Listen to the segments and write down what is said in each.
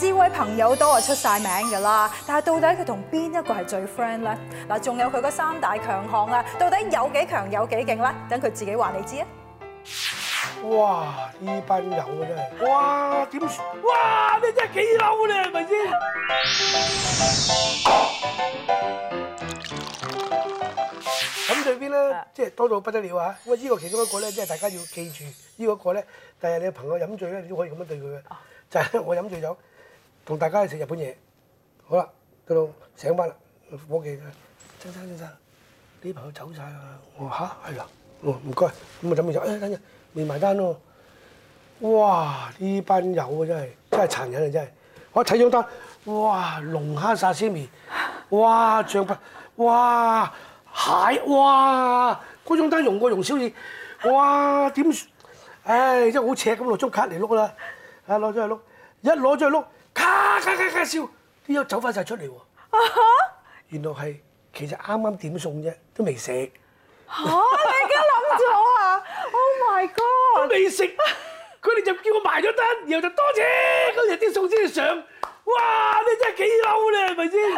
智慧朋友都係，出晒名㗎啦！但係到底佢同邊一個係最 friend 咧？嗱，仲有佢嗰三大強項啊，到底有幾強有幾勁咧？等佢自己話你知啊！哇！呢班友真係哇！點哇？你真係幾嬲㗎你係咪先？咁最 邊咧，即係是的 多到不得了啊！咁啊，呢個其中一個咧，即係大家要記住個個呢，呢個個咧，第日你朋友飲醉咧，你都可以咁樣對佢嘅，就係、是、我飲醉酒。同大家去食日本嘢，好啦，到醒返啦，夥計啊，先生先生，啲朋友走曬啊！我話嚇，係啦，唔該，咁啊準備走，誒等陣未埋單喎，哇！呢班友真係真係殘忍啊，真係！我睇咗單，哇龍蝦沙司麵，哇象拔，哇蟹，哇嗰張單用過用少少，哇點誒真係好赤咁咯，捉卡嚟碌啦，啊攞出去碌，一攞出去碌。咔咔咔咔笑啲嘢走翻晒出嚟喎！原來係其實啱啱點餸啫，都未食。嚇！ 你家諗住我啊？Oh my god！都未食，佢哋就叫我埋咗單，然後就多謝。咁人啲餸先嘢上，哇！你真係幾嬲咧，係咪先？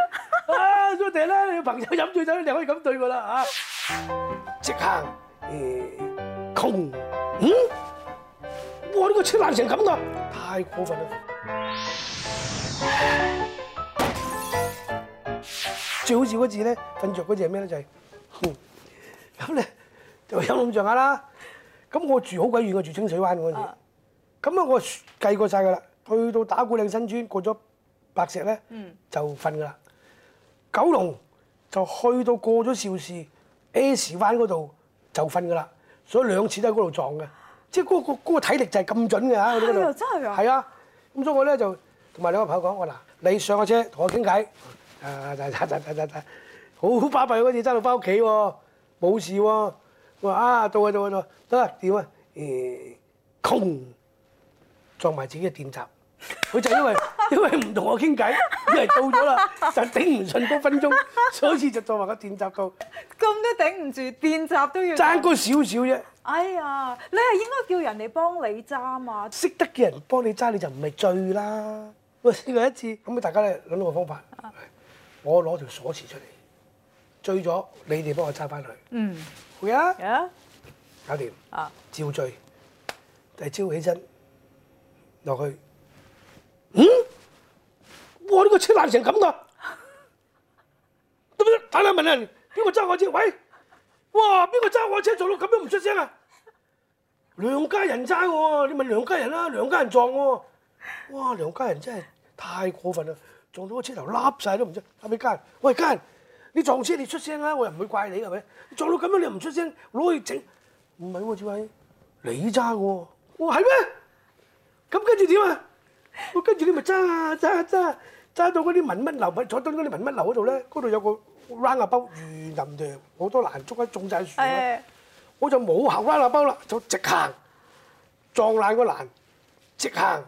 啊！所以啦！你朋友飲醉酒，你就可以咁對佢啦嚇。即刻誒，窮、欸、嗯？我呢、這個車爛成咁個，太過分啦！最好笑嗰字咧，瞓着嗰隻係咩咧？就係、係，咁、嗯、咧就有咁上下啦。咁我住好鬼遠，我住清水灣嗰陣，咁啊我計過晒噶啦，去到打鼓嶺新村過咗白石咧，就瞓噶啦。嗯、九龍就去到過咗邵氏 S 灣嗰度就瞓噶啦，所以兩次都喺嗰度撞嘅，即係嗰個嗰、嗰個體力就係咁準嘅吓。係啊，真係啊。係啊，咁所以我咧就。同埋兩個朋友講我嗱，你上車我車同我傾偈，啊，好巴閉嗰次揸到翻屋企喎，冇、啊啊啊、事喎。我話啊，到啊到啊到，得啦點啊，誒，轟撞埋自己嘅電閘，佢就因為因為唔同我傾偈，因為到咗啦就頂唔順嗰分鐘，所以就撞埋個電閘到。咁都頂唔住，電閘都要爭高少少啫。點點，哎呀，你係應該叫人嚟幫你揸嘛，識得嘅人幫你揸你就唔係罪啦。我試過一次，咁啊大家咧諗到個方法，啊、我攞條鎖匙出嚟，醉咗，你哋幫我揸翻佢。嗯，好啊，搞掂啊，照醉，第朝起身落去，嗯，我呢、這個車爛成咁噶，得唔得？打嚟問人邊個揸我車？喂，哇，邊個揸我車撞到咁樣唔出聲啊？兩家人揸喎、啊，你問兩家人啦、啊，兩家人撞喎、啊。哇！梁家仁真係太過分啦，撞到個車頭笠晒都唔知。係咪家仁？喂家仁，你撞車你出聲啦，我又唔會怪你係咪？撞到咁樣你又唔出聲，攞去整？唔係喎，志偉，你揸喎。我係咩？咁跟住點啊？我跟住你咪揸揸揸揸到嗰啲民乜流，坐到嗰啲民乜流嗰度咧。嗰度有個欄啊包如林地，好多欄竹喺種曬樹。的我就冇行欄啊包啦，就直行撞爛個欄，直行。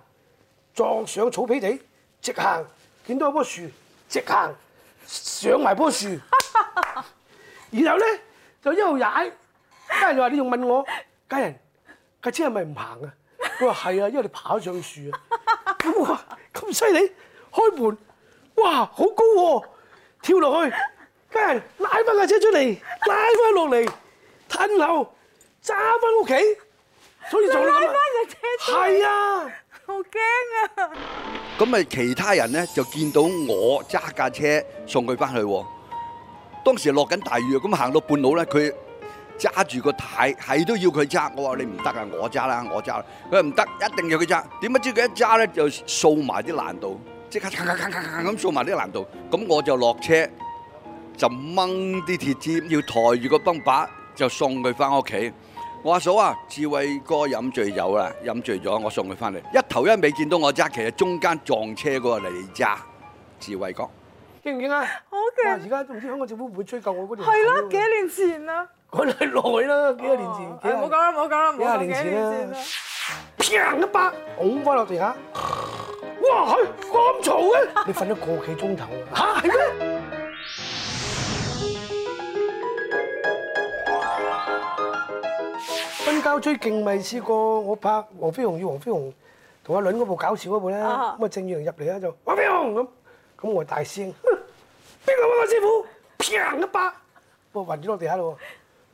撞上草皮地，直行，見到有棵樹，直行上埋棵樹，然後咧就一路踩。家人話：你仲問我，家人架車係咪唔行啊？佢話係啊，因為你跑上樹啊。咁我咁犀利，開門，哇，好高喎，啊，跳落去，家人拉翻架車出嚟，拉翻落嚟，褪後，揸翻屋企，所以就拉翻架車出嚟。係啊。係啊。好驚啊！咁咪其他人咧就見到我揸架車送佢翻去。當時落緊大雨，咁行到半路咧，佢揸住個太，係都要佢揸。我話你唔得啊，我揸啦，我揸啦。佢唔得，一定要佢揸。點不知佢一揸咧就掃埋啲難度，即刻咔咔咔咔咔咁掃埋啲難度。咁我就落車就掹啲鐵尖，要抬住個泵把，就送佢翻屋企。我阿嫂啊，智慧哥飲醉酒啦，飲醉咗，我送佢翻嚟，一頭一尾見到我揸，其實中間撞車嗰個嚟揸。智慧哥，勁唔勁啊？好勁。而家仲唔知香港政府唔會追究我嗰陣？係咯的，我幾年前啊？佢得耐啦，幾年，幾，十年幾年前、啊？唔好講啦，唔好講啦，幾年前啦。砰！一巴，㧬翻落地下。哇！佢咁嘈啊！你瞓咗個幾鐘頭吓？嚇，係咩？交最勁未試過，我拍飛鴻與飛鴻《黃、啊、飛鴻》與黃飛鴻同阿倫嗰部搞笑嗰部咧，咁啊鄭裕玲入嚟咧就黃飛鴻咁，咁我大聲，邊個揾我師傅？平一拍，我雲子落地下咯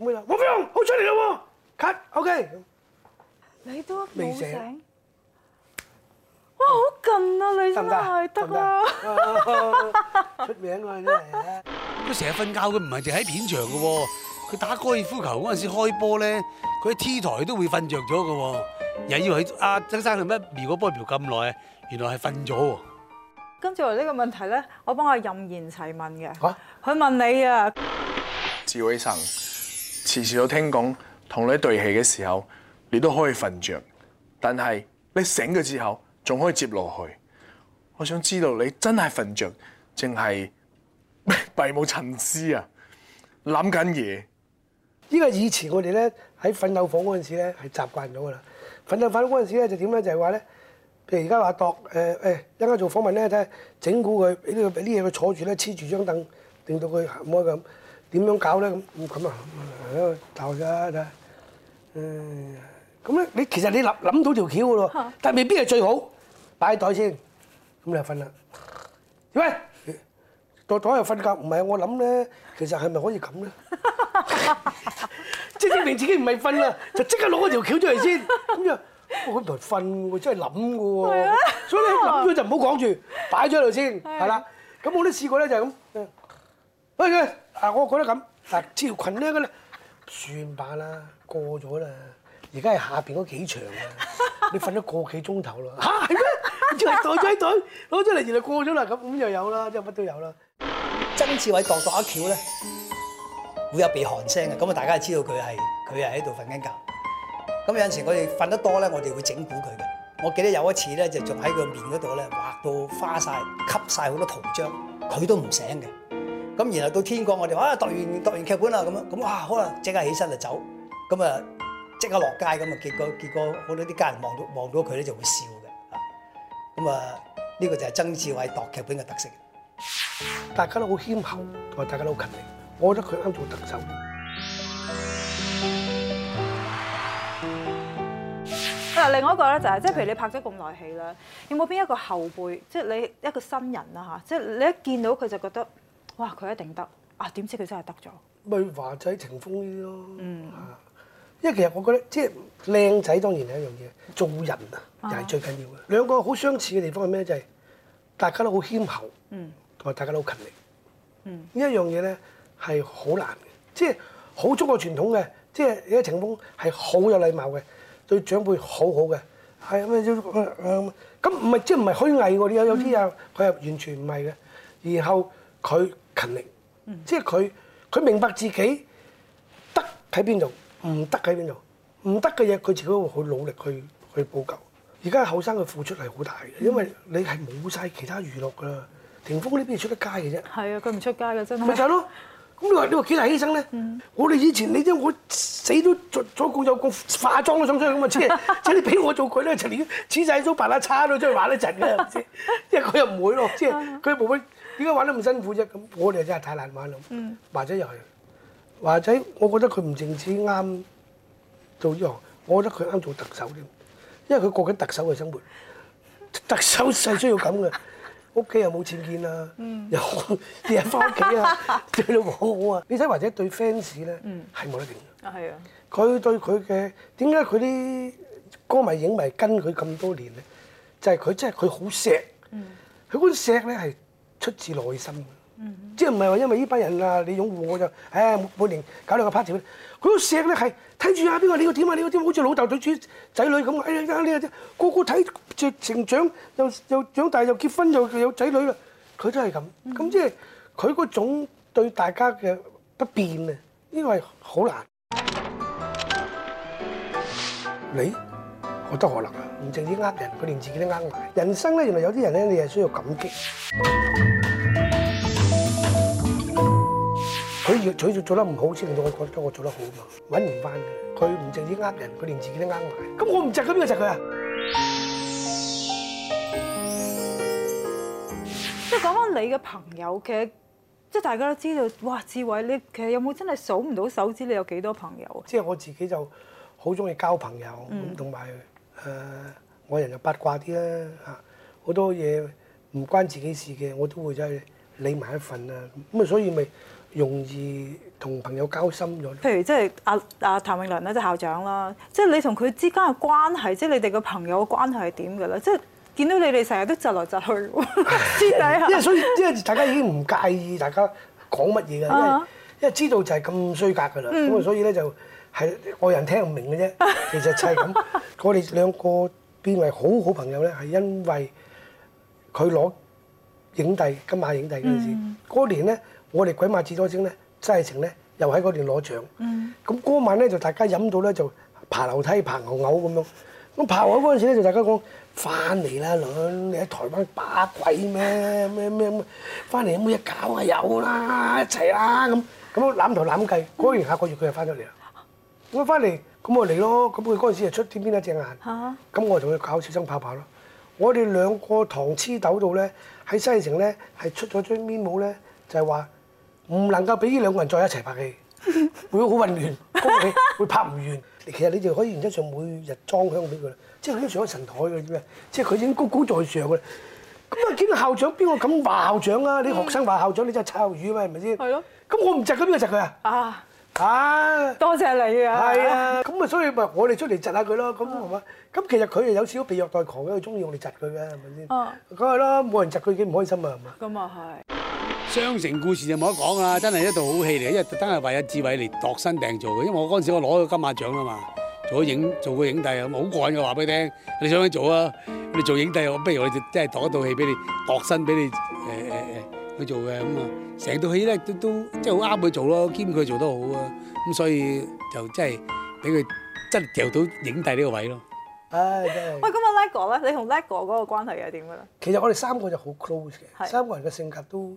喎，咁啊黃飛鴻好出嚟咯喎，cut OK，你都未醒，醒哇好近啊，你真係得啊， 出名啊真係，佢成日瞓覺，佢唔係淨喺片場嘅喎。佢打高爾夫球嗰陣時開波咧，佢喺 T 台都會瞓着咗嘅喎，又以為啊，曾生做咩瞄個波瞄咁耐啊？原來係瞓咗。跟住嚟呢個問題咧，我幫阿任賢齊問嘅。嚇！佢問你啊，志偉神，次次我聽講同你對戲嘅時候，你都可以瞓着，但係你醒咗之後仲可以接落去。我想知道你真係瞓着，定係閉目沉思啊？諗緊嘢。呢個以前我哋咧喺奮鬥房嗰陣時咧係習慣咗噶啦，奮鬥房嗰陣時咧就點咧就係話咧，譬如而家話度誒誒一間做訪問咧睇下整蠱佢呢個啲嘢佢坐住咧黐住張凳，令到佢唔開咁點樣搞咧咁咁啊，誒鬥㗎啦，誒咁咧你其實你諗諗到條橋嘅喎，但係未必係最好，擺袋先，咁就瞓啦。點解？度度又瞓覺，唔係我諗咧，其實係咪可以咁咧？ 明明自己唔係瞓啦，就即刻攞嗰條橋出嚟先。咁又，我唔係瞓，我真係諗嘅喎。所以你諗咗就唔好講住，擺咗喺度先，係啦是的 的。咁我都試過咧，就係咁。喂啊，我覺得咁，嗱，支條裙咧，咁咧，算吧啦，過咗啦。而家係下邊嗰幾場啊，你瞓咗個幾鐘頭啦。吓？係咩？即係袋仔袋攞出嚟，原來過咗啦。咁咁又有啦，即係乜都有啦。曾志偉度度一橋咧？會有鼻鼾聲嘅，咁啊大家知道佢係佢係喺度瞓緊覺。咁有陣時我哋瞓得多咧，我哋會整蠱佢嘅。我記得有一次咧，就仲喺佢面嗰度咧畫到花晒，吸晒好多圖章，佢都唔醒嘅。咁然後到天光，我哋話：啊，讀完讀完劇本啦，咁樣咁啊，好啦即刻起身就走。咁啊，即刻落街咁啊，結果結果好多啲家人望到望到佢咧就會笑嘅。咁啊，呢、這個就係曾志偉讀劇本嘅特色大。大家都好謙厚，同埋大家都好勤力。我覺得佢啱做特首。嗱，另外一個咧就係，即係譬如你拍咗咁耐戲啦，有冇邊一個後輩，即係你一個新人啦吓，即係你一見到佢就覺得，哇，佢一定得啊！點知佢真係得咗？咪華仔、情峰啲咯。嗯。因為其實我覺得，即係靚仔當然係一樣嘢，做人啊又係最緊要嘅。兩個好相似嘅地方係咩咧？就係大家都好謙厚，嗯，同埋大家都好勤力，嗯，呢一樣嘢咧。係好難嘅，即係好中國傳統嘅，即係而家霆鋒係好有禮貌嘅，對長輩好好嘅，係咁唔係即係唔係虛偽喎？有有啲嘢佢又完全唔係嘅。然後佢勤力，嗯、即係佢佢明白自己得喺邊度，唔得喺邊度，唔得嘅嘢佢自己會好努力去去補救。而家後生嘅付出係好大嘅，嗯、因為你係冇晒其他娛樂㗎啦。霆鋒呢邊出得街嘅啫，係啊，佢唔出街嘅真係咪就係咯？咁你話呢個幾大犧牲咧？嗯、我哋以前你知我死都做咗個有個化妝都想出去咁啊！即係即係你俾我做佢咧，就連黐曬啲白甩叉都出去玩一陣嘅，即係佢又唔會咯，即係佢冇乜點解玩得咁辛苦啫？咁我哋真係太難玩咯。或者又係，或者我覺得佢唔淨止啱做呢行，我覺得佢啱做特首添，因為佢過緊特首嘅生活，特首係需要咁嘅。嗯屋企又冇錢見啦，嗯、又日日翻屋企啊， 對老婆好啊，你睇或者對 fans 咧，係冇、嗯、得掂嘅。啊，係啊！佢對佢嘅，點解佢啲歌迷影迷跟佢咁多年咧，就係佢真係佢好錫，佢嗰啲錫咧係出自內心。即係唔係話因為呢班人啊，你擁護我就，唉，每年搞兩個 party，佢都錫咧係，睇住啊，邊個你要點啊，你要點，好似老豆對住仔女咁，哎呀，呢個點，個個睇住成長，又又長大又結婚又有仔女啦，佢都係咁，咁即係佢個種對大家嘅不變啊，呢個係好難你。你覺得可能啊？唔淨止呃人，佢連自己都呃埋。人生咧，原來有啲人咧，你係需要感激。佢做做得唔好先令到我覺得我做得好嘛，揾唔翻嘅，佢唔直接呃人，佢連自己都呃埋。咁我唔值佢邊個值佢啊？即係講翻你嘅朋友，其實即係大家都知道，哇！志偉，你其實有冇真係數唔到手指？你有幾多朋友啊？即係、嗯、我自己就好中意交朋友咁，同埋誒我人又八卦啲啦嚇，好多嘢唔關自己事嘅我都會真係理埋一份啊。咁啊，所以咪。容易同朋友交心咗。譬如即係阿阿譚詠麟咧，即係校長啦。即係你同佢之間嘅關係，即係你哋嘅朋友嘅關係係點㗎咧？即係見到你哋成日都窒來窒去，知底下。因為所以，因為大家已經唔介意大家講乜嘢㗎，因為因為知道就係咁衰格㗎啦。咁啊，所以咧就係外人聽唔明嘅啫。其實就係咁，我哋兩個變為好好朋友咧，係因為佢攞影帝金馬影帝嗰陣時，嗰年咧。我哋鬼馬智多星咧，西城咧又喺嗰邊攞獎。咁嗰、嗯、晚咧就大家飲到咧就爬樓梯爬牛牛咁樣。咁爬完嗰陣時咧就大家講翻嚟啦，女、嗯、你喺台灣巴鬼咩咩咩？翻嚟有冇嘢搞啊？有啦，一齊啦，咁咁攬頭攬計。果然下個月佢就翻咗嚟啦。咁翻嚟咁我嚟咯。咁佢嗰陣時就出天邊一隻眼。咁、啊、我同佢搞小生泡泡咯。我哋兩個糖黐豆度咧，喺西城咧係出咗張面舞咧就係話。唔能夠俾呢兩個人再一齊拍戲，會好混亂，個戲會拍唔完。 其實你就可以原則上每日裝香俾佢啦，即係已經上咗神台嘅啫，即係佢已經高高在上嘅啦。咁啊，見到校長邊個敢話、嗯、校長啊？啲學生話校長你真係臭魚啊嘛，係咪先？係咯。咁我唔窒佢邊個窒佢啊？啊啊！多謝你啊！係啊。咁啊，所以咪我哋出嚟窒下佢咯。咁係嘛？咁是的、嗯、其實佢又有少少被虐待狂嘅，佢中意我哋窒佢嘅係咪先？是是啊。梗係啦，冇人窒佢已經唔開心啊，係嘛？咁啊係。《雙城故事》就冇得講啦，真係一套好戲嚟，因為單係為阿志偉嚟度身訂造嘅。因為我嗰陣時我攞咗金馬獎啦嘛，做影做個影帝，好乾嘅話俾你聽，你想去做啊？你做影帝，我不如我真係度一套戲俾你度身俾你誒誒誒去做嘅咁啊！成套戲咧都都即係好啱佢做咯，兼佢做得好啊，咁所以就真係俾佢真入到影帝呢個位咯。唉，真係。喂，咁阿叻哥咧，你同叻哥嗰個關係又點嘅咧？其實我哋三個就好 close 嘅，三個人嘅性格都。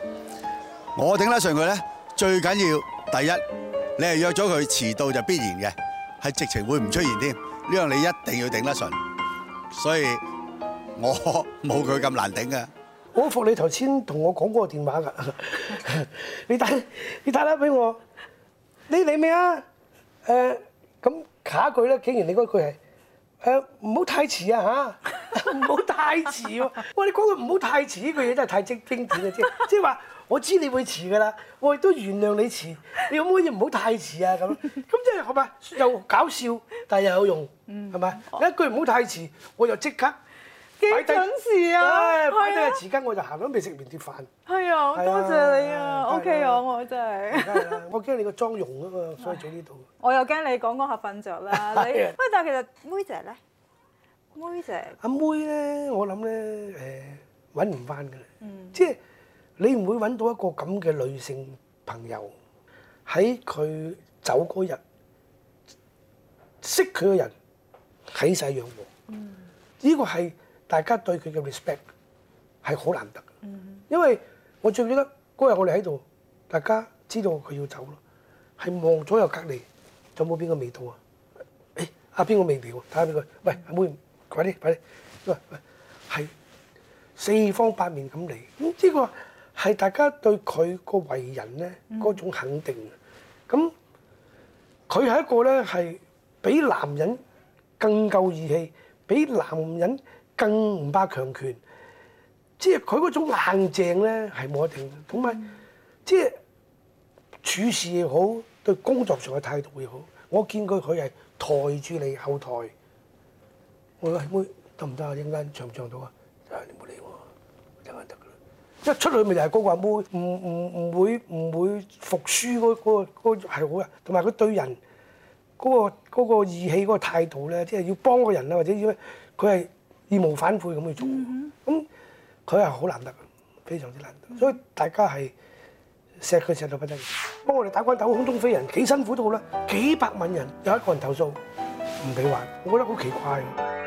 我頂得順佢咧，最緊要第一，你係約咗佢遲到就必然嘅，係直情會唔出現添。呢樣你一定要頂得順，所以我冇佢咁難頂啊！我服你頭先同我講嗰個電話噶，你打你打甩俾我，你嚟未啊？誒咁下一句咧，竟然你嗰句係誒唔好太遲啊吓？「唔好太遲喎！喂，你講句唔好太遲呢句嘢真係太精經典嘅啫，即係話。我知你會遲噶啦，我亦都原諒你遲。你可唔可以唔好太遲啊？咁咁即係係咪又搞笑，但係又有用，係咪？一句唔好太遲，我就即刻幾準時啊！擺低個匙羹，我就行咗未食完啲飯。係啊，好多謝你啊！OK，我我真係，我驚你個妝容啊嘛，所以做呢度。我又驚你講講下瞓着啦。你喂但係其實妹姐咧，妹姐？阿妹咧，我諗咧誒揾唔翻噶啦，即係。你唔會揾到一個咁嘅女性朋友，喺佢走嗰日識佢嘅人睇晒樣喎。呢、嗯、個係大家對佢嘅 respect 係好難得。嗯、因為我最記得嗰日我哋喺度，大家知道佢要走咯，係望左右隔離有冇邊個未到啊？誒阿邊個未到？睇下邊個？喂阿、嗯、妹快啲快啲！喂係四方八面咁嚟，唔知佢。係大家對佢個為人咧，嗰種肯定，咁佢係一個咧係比男人更夠義氣，比男人更唔怕強權，即係佢嗰種硬淨咧係冇得停。嘅。同即係處事又好，對工作上嘅態度又好，我見過佢係抬住你後台我妹妹，我話得唔得啊？影間唱唔唱到啊、哎？你冇理我，影間得嘅。一出嚟咪就係個話唔唔唔會唔會，會服輸嗰嗰個係、那個那個、好呀，同埋佢對人嗰、那個嗰、那個義氣嗰、那個態度咧，即、就、係、是、要幫個人啦，或者要佢係義無反悔咁去做，咁佢係好難得，非常之難得，所以大家係錫佢錫到不得了，幫我哋打關鬥空中飛人幾辛苦都好啦，幾百萬人有一個人投訴唔俾玩，我覺得好奇怪。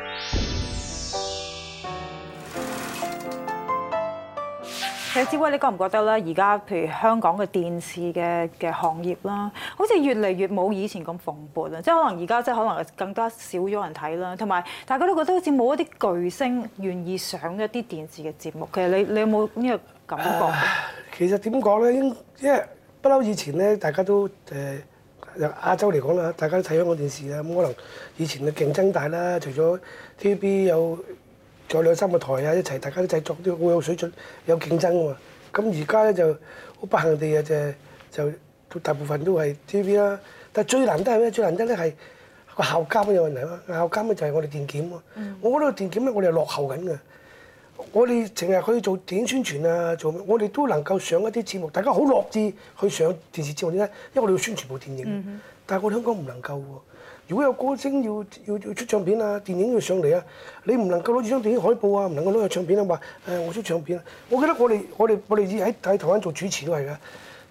其實志威，你覺唔覺得咧？而家譬如香港嘅電視嘅嘅行業啦，好似越嚟越冇以前咁蓬勃啦，即係可能而家即係可能更加少咗人睇啦，同埋大家都覺得好似冇一啲巨星願意上一啲電視嘅節目。其實你你有冇呢個感覺？其實點講咧，因為不嬲以前咧，大家都誒亞洲嚟講啦，大家都睇香港電視啊。咁可能以前嘅競爭大啦，除咗 TVB 有。仲有兩三個台啊，一齊大家都製作都好有水準，有競爭喎。咁而家咧就好不幸地啊，就就大部分都係 TV 啦。但最難得係咩？最難得咧係個校監有問題咯。校監咪就係我哋電、嗯、電檢，我覺得個電檢咧，我哋係落後緊嘅。我哋淨係可以做電影宣傳啊，做我哋都能夠上一啲節目，大家好樂意去上電視節目點解？因為我哋要宣傳部電影，嗯、哼但係我哋香港唔能夠喎。如果有歌星要要要出唱片啊，電影要上嚟啊，你唔能夠攞住張電影海報啊，唔能夠攞住唱片啊，話、哎、誒我出唱片啊，我記得我哋我哋我哋喺喺台灣做主持都係嘅，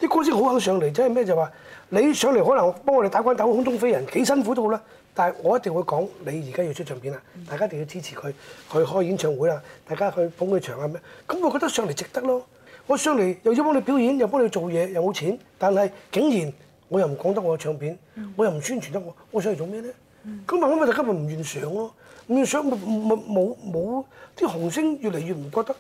啲歌星好肯上嚟，即係咩就話、是、你上嚟可能幫我哋打關鬥，空中飛人幾辛苦都好啦，但係我一定會講你而家要出唱片啊，大家一定要支持佢，佢開演唱會啊，大家去捧佢場啊咩，咁、嗯、我覺得上嚟值得咯，我上嚟又要幫你表演，又幫你做嘢，又冇錢，但係竟然。我又唔講得我嘅唱片，我又唔宣傳得我，我想嚟做咩咧？咁慢慢咪就今日唔願上咯，唔願意上咪冇冇啲紅星越嚟越唔覺得。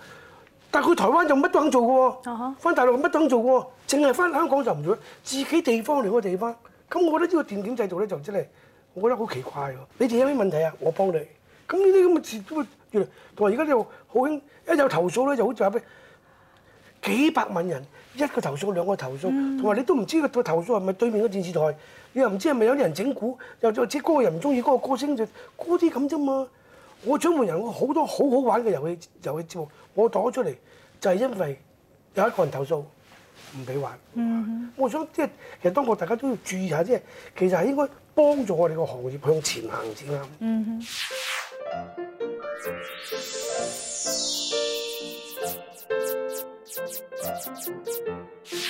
但係佢台灣就乜都肯做嘅喎，翻、uh huh. 大陸乜都肯做嘅喎，淨係翻香港就唔做。自己地方嚟嘅地方，咁我覺得呢個電檢制度咧就真係，我覺得好奇怪喎。你哋有咩問題啊？我幫你。咁呢啲咁嘅事都越同埋而家又好興，一有投訴咧就好似話畀幾百萬人。一個投訴兩個投訴，同埋你都唔知個投訴係咪對面個電視台，你又唔知係咪有啲人整蠱，又或者嗰個人唔中意嗰個歌星就嗰啲咁啫嘛。我掌握人好多好好玩嘅遊戲遊戲節目，我攞出嚟就係因為有一個人投訴唔俾玩。Mm hmm. 我想即係其實當我大家都要注意下，即係其實係應該幫助我哋個行業向前行先啱。Mm hmm.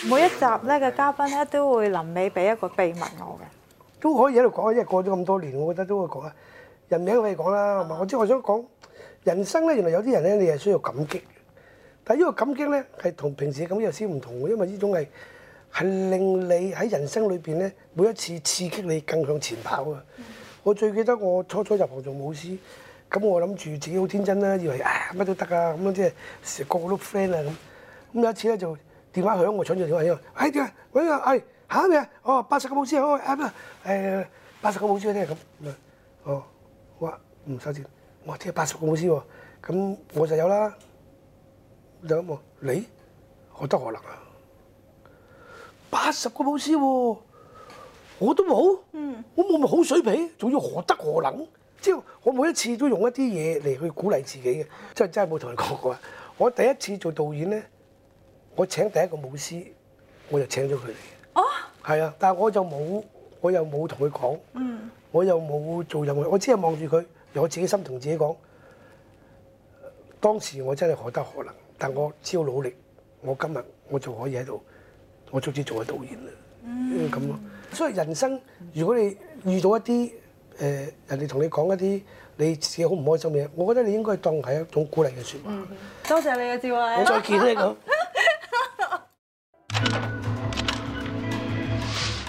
每一集咧嘅嘉賓咧都會臨尾俾一個秘密我嘅，都可以喺度講，因為過咗咁多年，我覺得都可以講啊。人名可以講啦，唔係、嗯，我知我想講人生咧，原來有啲人咧，你係需要感激，但係呢個感激咧係同平時嘅感激有少少唔同嘅，因為呢種係係令你喺人生裏邊咧每一次刺激你更向前跑啊。嗯、我最記得我初初入行做舞師，咁我諗住自己好天真啦，以為啊乜都得啊，咁樣即係成個都 friend 啊咁。咁有一次咧就。電話響，我搶住電話響。哎，點啊？喂啊！哎，嚇咩啊？哦，八十個舞師啊！哎咩？誒，八十個舞師咧咁。哦，我話唔收錢。我話即係八十個舞師喎。咁我就有啦。就你，你？何德何能啊？八十個舞師喎，我都冇。嗯，我冇咪好水平？仲要何德何能？即係我每一次都用一啲嘢嚟去鼓勵自己嘅。真係真係冇同你講過，過。我第一次做導演咧。我請第一個武師，我就請咗佢嚟。哦，係啊，但係我就冇，我又冇同佢講。嗯，我又冇做任何，我只係望住佢，由我自己心同自己講。當時我真係何德何能，但我只要努力，我今日我仲可以喺度，我終之做個導演啦。嗯，咁咯。所以人生，如果你遇到一啲誒人哋同你講一啲你自己好唔開心嘅嘢，我覺得你應該當係一種鼓勵嘅説話。嗯，多謝你啊，志偉。我再見你。咁。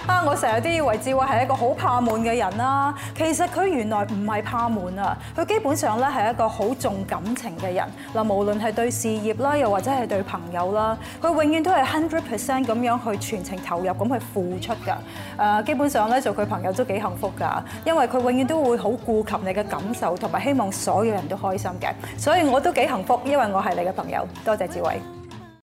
啊！我成日都以為志偉係一個好怕悶嘅人啦，其實佢原來唔係怕悶啊，佢基本上咧係一個好重感情嘅人嗱，無論係對事業啦，又或者係對朋友啦，佢永遠都係 hundred percent 咁樣去全程投入咁去付出㗎。誒，基本上咧做佢朋友都幾幸福㗎，因為佢永遠都會好顧及你嘅感受，同埋希望所有人都開心嘅。所以我都幾幸福，因為我係你嘅朋友。多謝志偉。